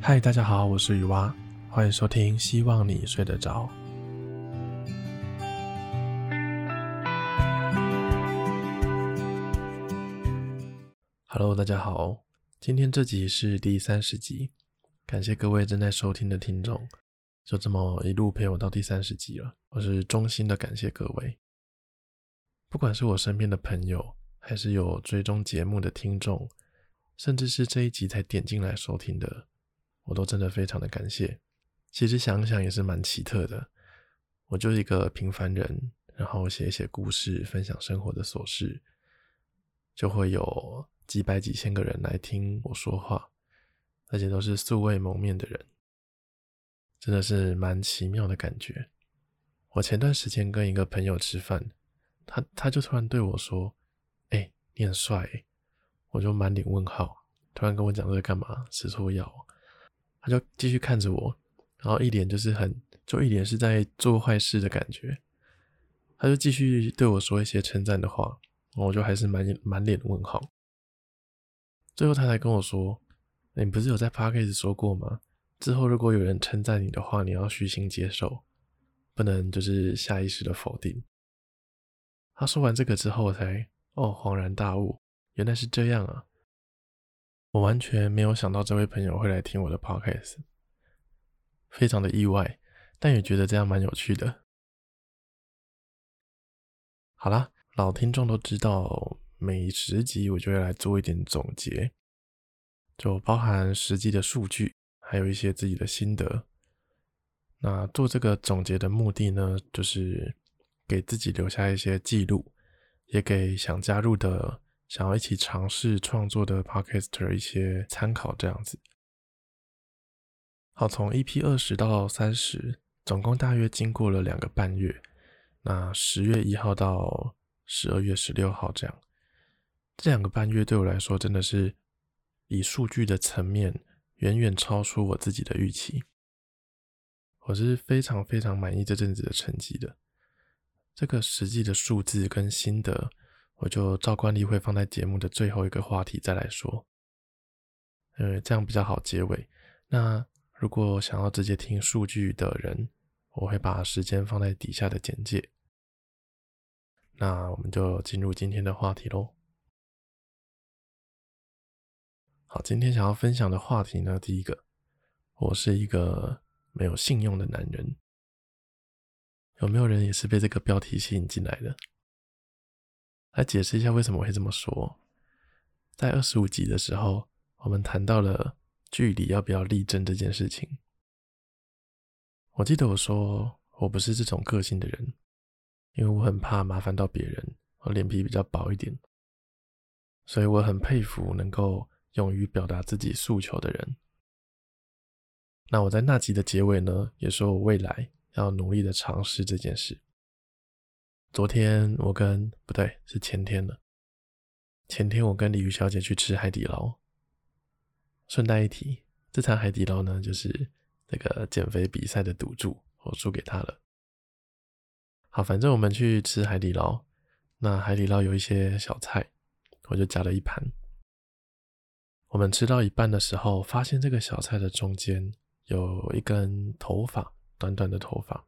嗨，Hi, 大家好，我是雨蛙，歡迎收聽。希望你睡得着。Hello，大家好，今天這集是第三十集，感謝各位正在收聽的聽眾，就這麼一路陪我到第三十集了，我是衷心的感謝各位。不管是我身邊的朋友，還是有追蹤節目的聽眾，甚至是這一集才點進來收聽的。我都真的非常的感謝。其實想想也是蠻奇特的，我就是一個平凡人，然後寫一寫故事，分享生活的瑣事，就會有幾百幾千個人來聽我說話，而且都是素未謀面的人，真的是蠻奇妙的感覺。我前段時間跟一個朋友吃飯，他他就突然對我說：“哎、欸，你很帥。”我就滿臉問號，突然跟我講這個幹嘛？吃錯藥？就繼續看着我，然後一臉就是很，就一臉是在做壞事的感覺。他就繼續對我說一些稱讚的話，我就還是滿滿臉問號。最後他才跟我說，欸：“你不是有在 Podcast 說過嗎？之後如果有人稱讚你的話，你要虛心接受，不能就是下意識的否定。”他說完這個之後，我才哦恍然大悟，原來是這樣啊。我完全沒有想到這位朋友會來聽我的 podcast，非常的意外，但也覺得這樣蠻有趣的。好啦，老聽眾都知道，每十集我就會來做一點總結，就包含實際的數據，還有一些自己的心得。那做這個總結的目的呢，就是給自己留下一些記錄，也給想加入的。想要一起嘗試創作的 Podcaster 一些參考，這樣子。好，從 EP 二十到三十，總共大約經過了兩個半月。那十月一號到十二月十六號這這樣這兩個半月對我來說，真的是以數據的層面遠遠超出我自己的預期。我是非常非常滿意這陣子的成績的。這個實際的數字跟心得。我就照慣例會放在節目的最後一個話題再來說，呃，這樣比較好結尾。那如果想要直接聽數據的人，我會把時間放在底下的簡介。那我們就進入今天的話題嘍。好，今天想要分享的話題呢，第一個，我是一個沒有信用的男人。有沒有人也是被這個標題吸引進來的？來解釋一下為什麼我會這麼說。在二十五集的時候，我們談到了距離要不要力爭這件事情。我記得我說我不是這種個性的人，因為我很怕麻煩到別人，我臉皮比較薄一點。所以我很佩服能夠勇於表達自己訴求的人。那我在那集的結尾呢，也說我未來要努力的嘗試這件事。昨天我跟，不對，是前天了。前天我跟鯉魚小姐去吃海底撈。順帶一提，這場海底撈呢，就是那個減肥比賽的賭注，我輸給她了。好，反正我們去吃海底撈，那海底撈有一些小菜，我就夾了一盤。我們吃到一半的時候，發現這個小菜的中間有一根頭髮，短短的頭髮。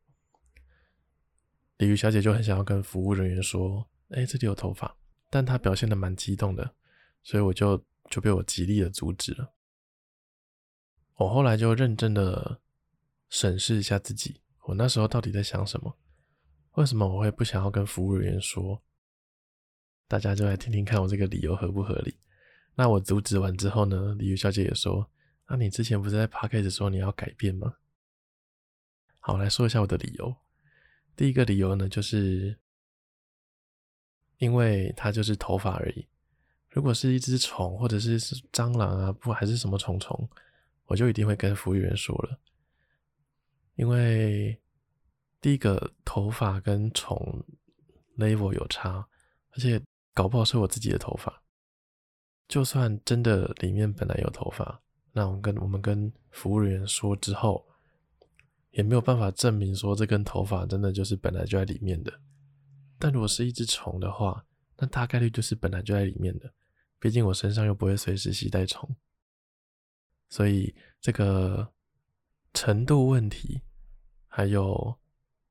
鯉魚小姐就很想要跟服務人員說：“誒、欸、這裡有頭髮。”但她表現的蠻激動的，所以我就就被我極力的阻止了。我後來就認真的審視一下自己，我那時候到底在想什麼？為什麼我會不想要跟服務人員說？大家就來聽聽看，我這個理由合不合理？那我阻止完之後呢，鯉魚小姐也說：“那、啊、你之前不是在 Podcast 說你要改變嗎？”好，我來說一下我的理由。第一個理由呢，就是因為它就是頭髮而已。如果是一隻蟲，或者是蟑螂啊，不還是什麼蟲蟲，我就一定會跟服務員說了，因為第一個頭髮跟蟲 level 有差，而且搞不好是我自己的頭髮。就算真的裡面本來有頭髮，那我們跟我們跟服務員說之後，也沒有辦法證明說這根頭髮真的就是本來就在裡面的，但如果是一隻蟲的話，那大概率就是本來就在裡面的，畢竟我身上又不會隨時攜帶蟲，所以這個程度問題，還有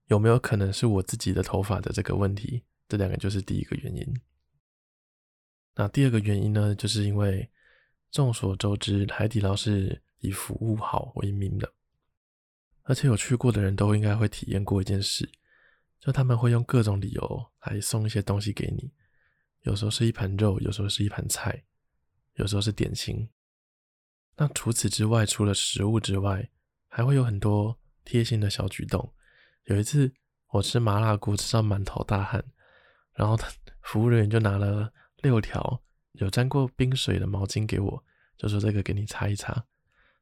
有沒有可能是我自己的頭髮的這個問題，這兩個就是第一個原因。那第二個原因呢，就是因為眾所周知，海底撈是以服務好為名的。而且有去過的人都應該會體驗過一件事，就他們會用各種理由來送一些東西給你，有時候是一盤肉，有時候是一盤菜，有時候是點心。那除此之外，除了食物之外，還會有很多貼心的小舉動。有一次我吃麻辣鍋吃到滿頭大汗，然後服務人員就拿了六條有沾過冰水的毛巾給我，就說這個給你擦一擦，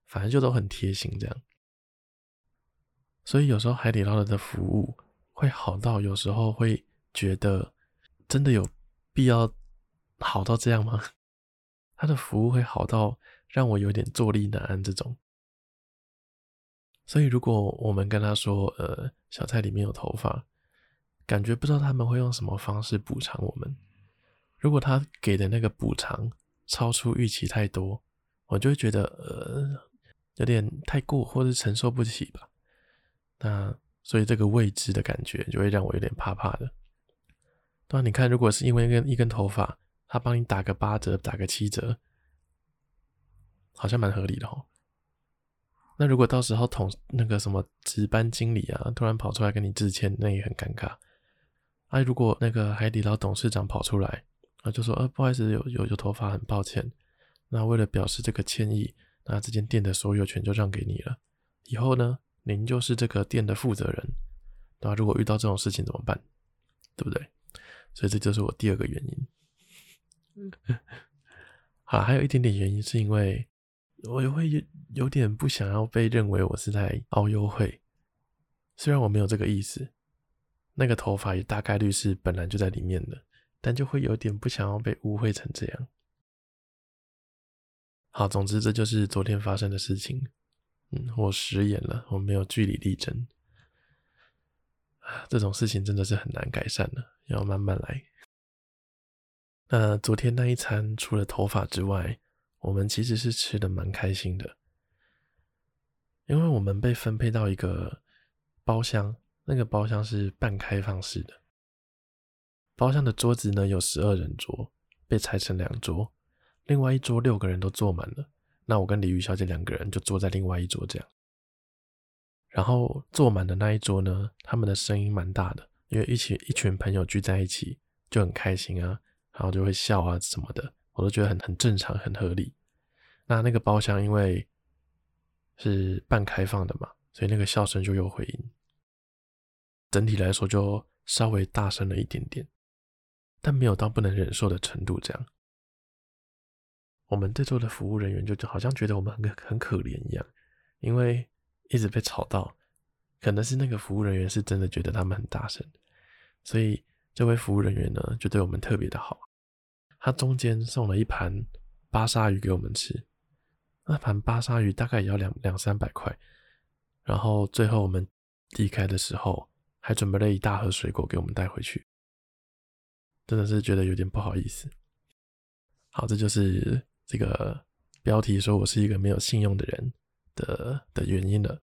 反正就都很貼心這樣。所以有時候海底撈的的服務會好到有時候會覺得，真的有必要好到這樣嗎？他的服務會好到讓我有點坐立難安這種。所以如果我們跟他說，呃，小菜裡面有頭髮，感覺不知道他們會用什麼方式補償我們。如果他給的那個補償超出預期太多，我就會覺得，呃，有點太過或者承受不起吧。那所以這個未知的感覺就會讓我有點怕怕的。當然，你看，如果是因為一根一根頭髮，他幫你打個八折，打個七折，好像蠻合理的哦。那如果到時候同那個什麼值班經理啊，突然跑出來跟你致歉，那也很尷尬。啊，如果那個海底撈董事長跑出來啊，就說呃，不好意思，有有有頭髮，很抱歉。那為了表示這個歉意，那這間店的所有權就讓給你了。以後呢，您就是這個店的負責人，那如果遇到這種事情怎麼辦？對不對？所以這就是我第二個原因。 好，還有一點點原因是因為我也會有點不想要被認為我是在凹優惠，雖然我沒有這個意思，那個頭髮也大概率是本來就在裡面的，但就會有點不想要被誤會成這樣。好，總之這就是昨天發生的事情。嗯，我食言了，我沒有據理力爭。啊，這種事情真的是很難改善的，要慢慢來。那昨天那一餐，除了頭髮之外，我們其實是吃得蠻開心的，因為我們被分配到一個包廂，那個包廂是半開放式的。的包廂的桌子呢，有十二人桌，被拆成兩桌，另外一桌六個人都坐滿了。那我跟鯉魚小姐兩個人就坐在另外一桌，這樣，然後坐滿的那一桌呢，他們的聲音蠻大的，因為一起一群朋友聚在一起就很開心啊，然後就會笑啊什麼的，我都覺得很很正常、很合理。那那個包廂因為是半開放的嘛，所以那個笑聲就有回音，整體來說就稍微大聲了一點點，但沒有到不能忍受的程度，這樣。我們對座的服務人員就就好像覺得我們很很可憐一樣，因為一直被吵到，可能是那個服務人員是真的覺得他們很大聲，所以這位服務人員呢就對我們特別的好，他中間送了一盤巴沙魚給我們吃，那盤巴沙魚大概也要兩兩三百塊，然後最後我們離開的時候還準備了一大盒水果給我們帶回去，真的是覺得有點不好意思。好，這就是這個標題說我是一個沒有信用的人的的原因了。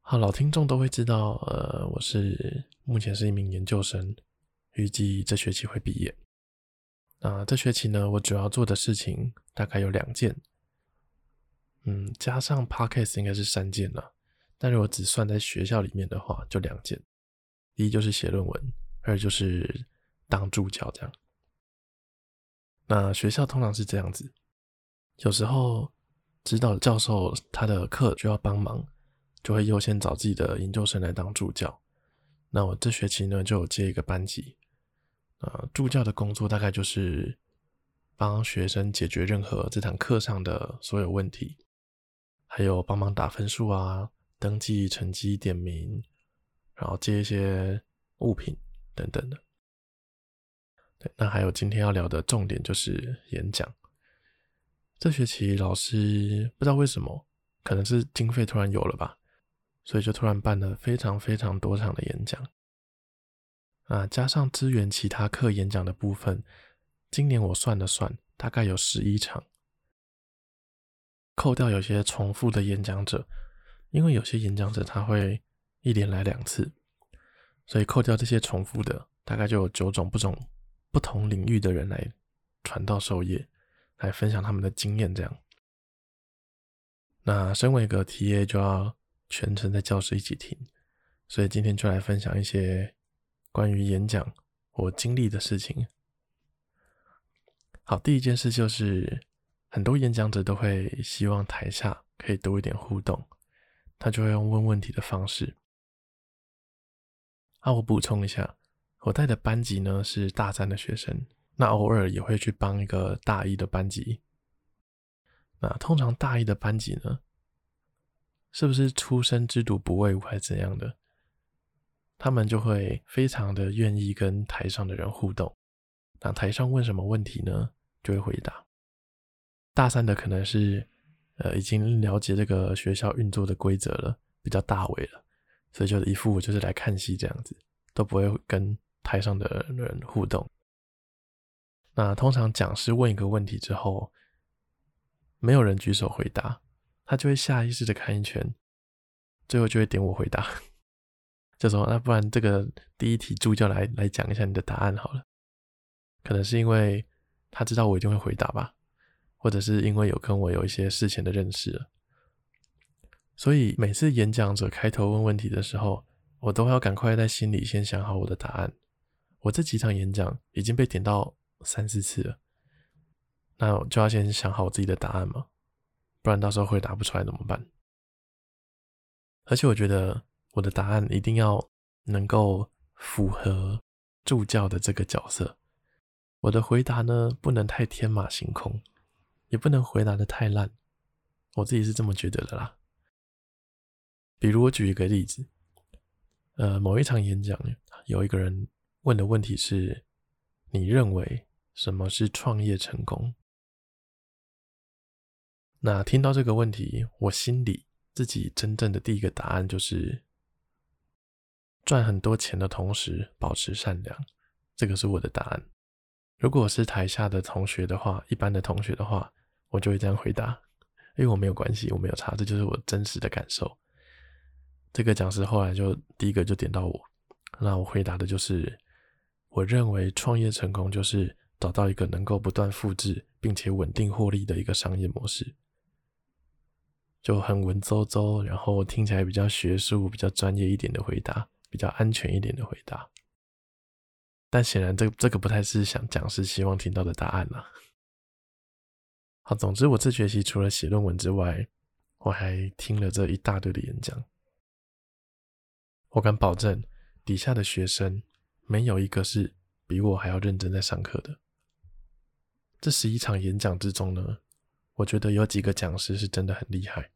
好，老聽眾都會知道，呃，我是目前是一名研究生，預計這學期會畢業。啊，這學期呢，我主要做的事情大概有兩件，嗯，加上 Podcast 應該是三件了，但是我只算在學校裡面的話，就兩件。第一就是寫論文，二就是當助教這樣。那學校通常是這樣子，有時候指導教授他的課就要幫忙，就會優先找自己的研究生來當助教。那我這學期呢，就接一個班級。呃，助教的工作大概就是幫學生解決任何這堂課上的所有問題，還有幫忙打分數啊、登記成績、點名，然後接一些物品等等的。那還有今天要聊的重點就是演講。這學期老師不知道為什麼，可能是經費突然有了吧，所以就突然辦了非常非常多場的演講啊，加上支援其他課演講的部分，今年我算了算，大概有十一場。扣掉有些重複的演講者，因為有些演講者他會一連來兩次，所以扣掉這些重複的，大概就有九種不同。不同領域的人來傳道授業，來分享他們的經驗，這樣。那身為一個 T.A. 就要全程在教室一起聽，所以今天就來分享一些關於演講我經歷的事情。好，第一件事就是，很多演講者都會希望台下可以多一點互動，他就會用問問題的方式。啊，我補充一下。我帶的班級呢是大三的學生，那偶爾也會去幫一個大一的班級。那通常大一的班級呢，是不是初生之犢不畏虎還怎樣的？他們就會非常的願意跟台上的人互動。那台上問什麼問題呢，就會回答。大三的可能是，呃，已經了解這個學校運作的規則了，比較大尾了，所以就一副就是來看戲這樣子，都不會跟。台上的人互動，那通常講師問一個問題之後，沒有人舉手回答，他就會下意識的看一圈，最後就會點我回答， 就說：“那不然這個第一題助教來來講一下你的答案好了。”可能是因為他知道我一定會回答吧，或者是因為有跟我有一些事前的認識了，所以每次演講者開頭問問題的時候，我都要趕快在心裡先想好我的答案。我這幾場演講已經被點到三四次了，那我就要先想好我自己的答案嘛，不然到時候回答不出來怎麼辦？而且我覺得我的答案一定要能夠符合助教的這個角色。我的回答呢，不能太天馬行空，也不能回答得太爛。我自己是這麼覺得的啦。比如我舉一個例子，呃，某一場演講有一個人。問的問題是：你認為什麼是創業成功？那聽到這個問題，我心裡自己真正的第一個答案就是賺很多錢的同時保持善良，這個是我的答案。如果我是台下的同學的話，一般的同學的話，我就會這樣回答，因為我沒有關係，我沒有差，這就是我真實的感受。這個講師後來就第一個就點到我，那我回答的就是。我認為創業成功就是找到一個能夠不斷複製並且穩定獲利的一個商業模式，就很文縐縐，然後聽起來比較學術、比較專業一點的回答，比較安全一點的回答。但顯然這，這個這個不太是想講、是希望聽到的答案了啊。好，總之我這學期除了寫論文之外，我還聽了這一大堆的演講。我敢保證，底下的學生，沒有一個是比我還要認真在上課的。這十一場演講之中呢，我覺得有幾個講師是真的很厲害，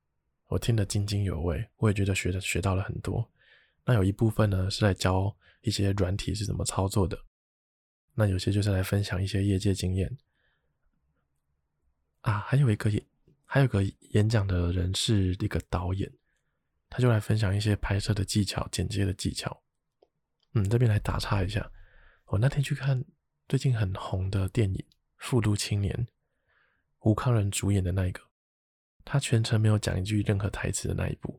我聽得津津有味，我也覺得學的學到了很多。那有一部分呢是來教一些軟體是怎麼操作的，那有些就是來分享一些業界經驗啊。還有一個演，還有個演講的人是一個導演，他就來分享一些拍攝的技巧、剪接的技巧。嗯，這邊來打岔一下，我那天去看最近很紅的電影《富都青年》，吳慷仁主演的那一個，他全程沒有講一句任何台詞的那一部。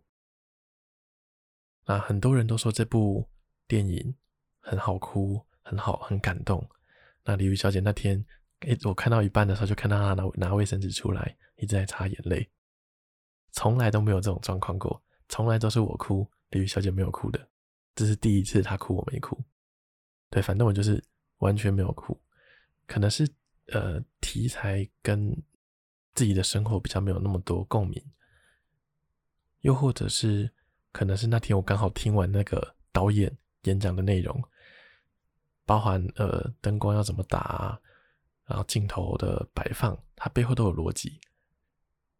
那很多人都說這部電影很好哭，很好，很感動。那鯉魚小姐那天，誒、欸，我看到一半的時候就看到她拿拿衛生紙出來，一直在擦眼淚，從來都沒有這種狀況過，從來都是我哭，鯉魚小姐沒有哭的。這是第一次他哭，我沒哭。對，反正我就是完全沒有哭，可能是呃題材跟自己的生活比較沒有那麼多共鳴，又或者是可能是那天我剛好聽完那個導演演講的內容，包含呃燈光要怎麼打，然後鏡頭的擺放，它背後都有邏輯，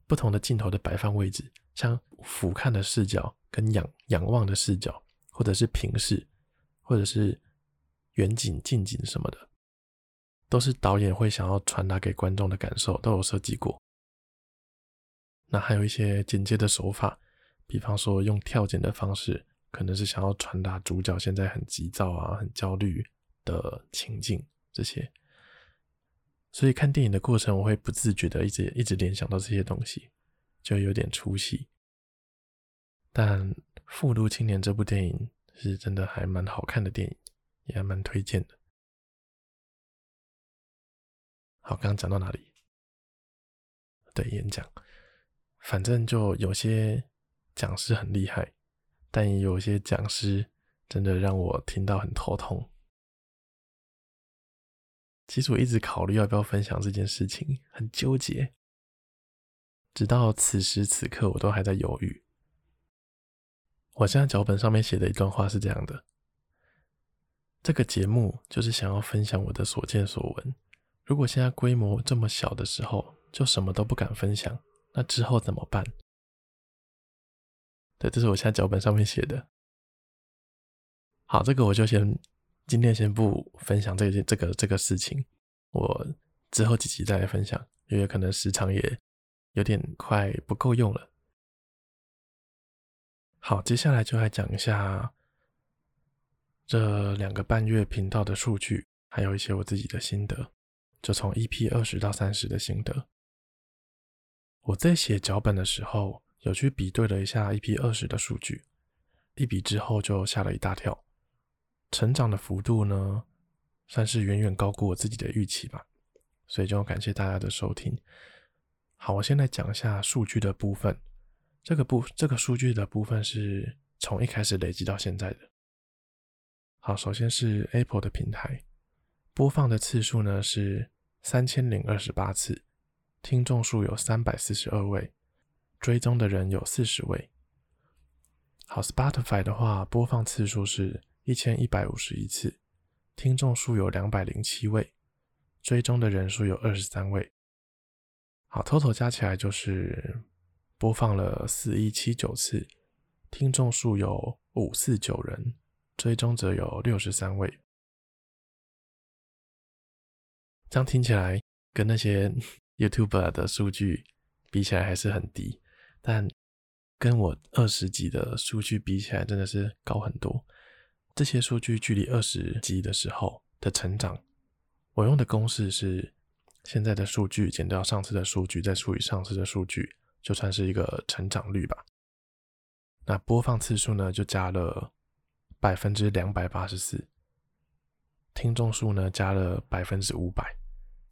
不同的鏡頭的擺放位置，像俯瞰的視角跟仰仰望的視角。或者是平視，或者是遠景、近景什麼的，都是導演會想要傳達給觀眾的感受，都有設計過。那還有一些剪接的手法，比方說用跳剪的方式，可能是想要傳達主角現在很急躁啊、很焦慮的情境這些。所以看電影的過程，我會不自覺的一直一直聯想到這些東西，就有點出戲，但。《富都青年》這部電影是真的還蠻好看的電影，也還蠻推薦的。好，剛剛講到哪裡？對，演講。反正就有些講師很厲害，但有些講師真的讓我聽到很頭痛。其實我一直考慮要不要分享這件事情，很糾結。直到此時此刻，我都還在猶豫。我現在腳本上面寫的一段話是這樣的：這個節目就是想要分享我的所見所聞。如果現在規模這麼小的時候，就什麼都不敢分享，那之後怎麼辦？對，這是我現在腳本上面寫的。好，這個我就先，今天先不分享這件、個、這個這個事情，我之後幾集再來分享，因為可能時長也有點快不夠用了。好，接下來就來講一下這兩個半月頻道的數據，還有一些我自己的心得，就從 EP20 到30的心得。我在寫腳本的時候，有去比對了一下 EP20 的數據，一比之後就嚇了一大跳，成長的幅度呢，算是遠遠高過我自己的預期吧。所以就感謝大家的收聽。好，我先來講一下數據的部分。這個部這個數據的部分是從一開始累積到現在的。好，首先是 Apple 的平台，播放的次數呢是三千零二十八次，聽眾數有三百四十二位，追蹤的人有四十位。好，Spotify 的話，播放次數是一千一百五十一次，聽眾數有兩百零七位，追蹤的人數有二十三位。好，Total 加起來就是。播放了四一七九次，聽眾數有五四九人，追蹤者有六十三位。這樣聽起來跟那些 YouTuber 的數據比起來還是很低，但跟我二十集的數據比起來真的是高很多。這些數據距離二十集的時候的成長，我用的公式是現在的數據減掉上次的數據，再除以上次的數據。就算是一個成長率吧，那播放次數呢就加了百分之兩百八十四，聽眾數呢加了百分之五百，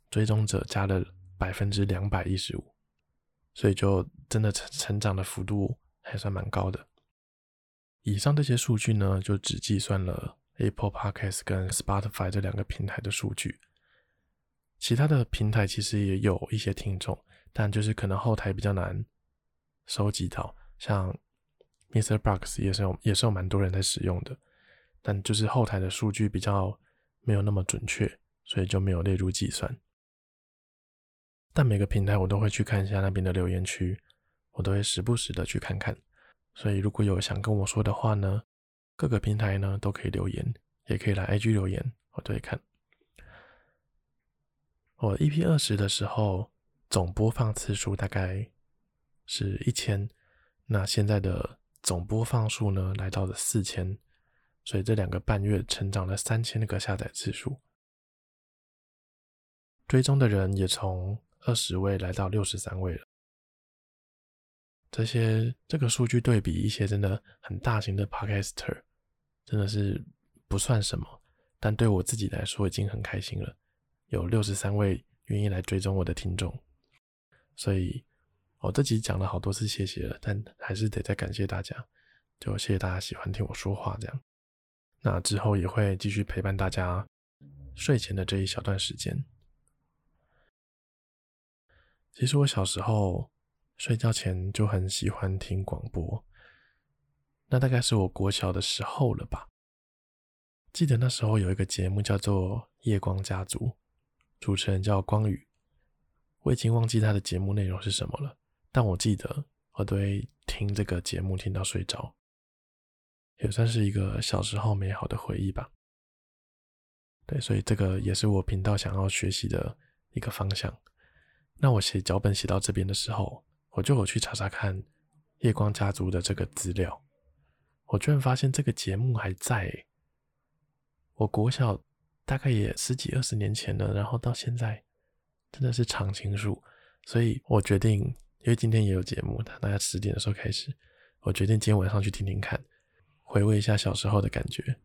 追蹤者加了百分之兩百一十五，所以就真的成成長的幅度還算蠻高的。以上這些數據呢，就只計算了 Apple Podcast 跟 Spotify 這兩個平台的數據，其他的平台其實也有一些聽眾。但就是可能後台比較難收集到，像 Mr. Box 也是有也是有蠻多人在使用的，但就是後台的數據比較沒有那麼準確，所以就沒有列入計算。但每個平台我都會去看一下那邊的留言區，我都會時不時的去看看。所以如果有想跟我說的話呢，各個平台呢都可以留言，也可以來 IG 留言，我都會看。我 EP 二十的時候。總播放次數大概是一千，那現在的總播放數呢，來到了四千，所以這兩個半月成長了三千個下載次數，追蹤的人也從二十位來到六十三位了。這些這個數據對比一些真的很大型的 Podcaster，真的是不算什麼，但對我自己來說已經很開心了，有六十三位願意來追蹤我的聽眾。所以，我、哦、自集這集講了好多次，謝謝了，但還是得再感謝大家，就謝謝大家喜歡聽我說話這樣。那之後也會繼續陪伴大家睡前的這一小段時間。其實我小時候睡覺前就很喜歡聽廣播，那大概是我國小的時候了吧。記得那時候有一個節目叫做《夜光家族》，主持人叫光禹。我已經忘記他的節目內容是什麼了，但我記得我都會聽這個節目聽到睡着，也算是一個小時候美好的回憶吧。對，所以這個也是我頻道想要學習的一個方向。那我寫腳本寫到這邊的時候，我就有去查查看夜光家族的這個資料，我居然發現這個節目還在。我國小大概也十幾二十年前了，然後到現在。真的是常青樹，所以我決定，因為今天也有節目，他大概十點的時候開始，我決定今天晚上去聽聽看，回味一下小時候的感覺。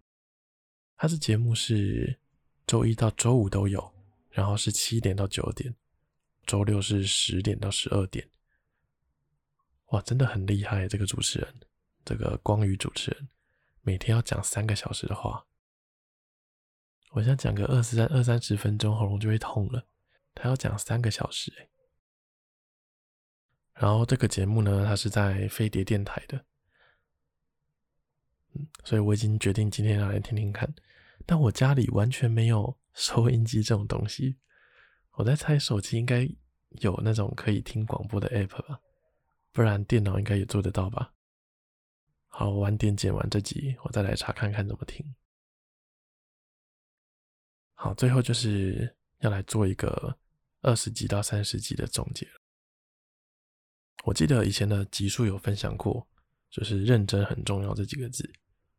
他的節目是周一到周五都有，然後是七點到九點，周六是十點到十二點。哇，真的很厲害，這個主持人，這個光禹主持人，每天要講三個小時的話，我想講個二三二三十分鐘，喉嚨就會痛了。他要講三個小時哎，然後這個節目呢，它是在飛碟電台的，嗯，所以我已經決定今天要來聽聽看。但我家裡完全沒有收音機這種東西，我在猜手機應該有那種可以聽廣播的 app 吧，不然電腦應該也做得到吧。好，晚點剪完這集，我再來查看看怎麼聽。好，最後就是。要來做一個二十幾到三十幾的總結。我記得以前的集數有分享過，就是“認真很重要”這幾個字，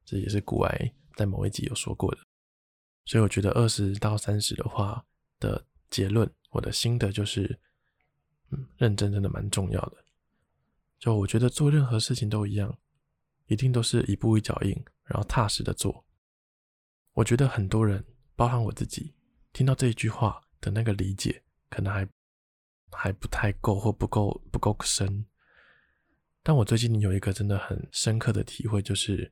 這也是古埃在某一集有說過的。所以我覺得二十到三十的話的結論，我的心得就是，嗯，認真真的蠻重要的。就我覺得做任何事情都一樣，一定都是一步一腳印，然後踏實的做。我覺得很多人，包含我自己。聽到這一句話的那個理解，可能還還不太夠，或不夠不夠深。但我最近有一個真的很深刻的體會，就是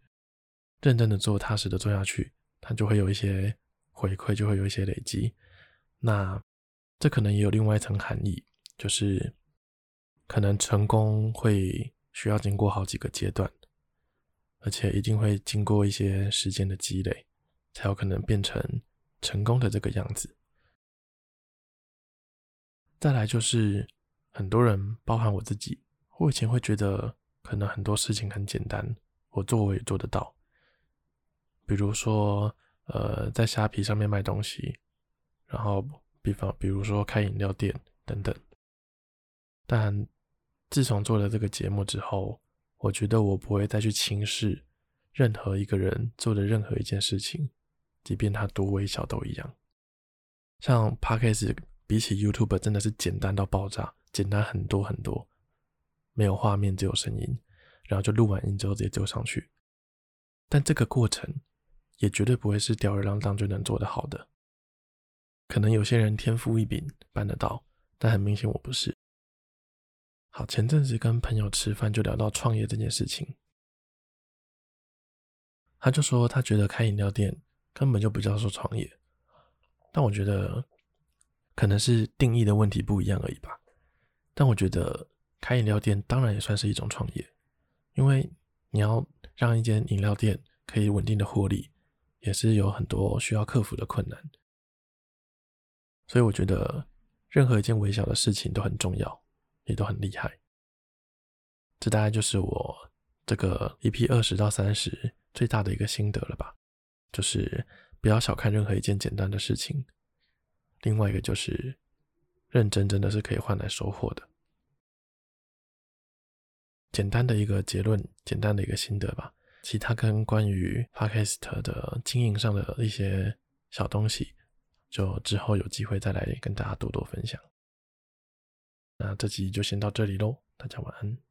認真的做，踏實的做下去，它就會有一些回饋，就會有一些累積。那這可能也有另外一層含義，就是可能成功會需要經過好幾個階段，而且一定會經過一些時間的積累，才有可能變成。成功的這個樣子。再來就是很多人，包含我自己，我以前會覺得可能很多事情很簡單，我做我也做得到。比如說，呃，在蝦皮上面賣東西，然後比方比如說開飲料店等等。但自從做了這個節目之後，我覺得我不會再去輕視任何一個人做的任何一件事情。即便它多微小都一樣，像 Podcast 比起 YouTube 真的是簡單到爆炸，簡單很多很多，沒有畫面只有聲音，然後就錄完音之後直接丟上去。但這個過程也絕對不會是吊兒郎當就能做得好的，可能有些人天賦異稟辦得到，但很明顯我不是。好，前陣子跟朋友吃飯就聊到創業這件事情，他就說他覺得開飲料店。根本就不叫做創業，但我覺得可能是定義的問題不一樣而已吧。但我覺得開飲料店當然也算是一種創業，因為你要讓一間飲料店可以穩定的獲利，也是有很多需要克服的困難。所以我覺得任何一件微小的事情都很重要，也都很厲害。這大概就是我這個 EP20 到30最大的一個心得了吧。就是不要小看任何一件簡單的事情，另外一個就是認真真的是可以換來收穫的。簡單的一個結論，簡單的一個心得吧。其他跟關於 Podcast 的經營上的一些小東西，就之後有機會再來跟大家多多分享。那這集就先到這裡嘍，大家晚安。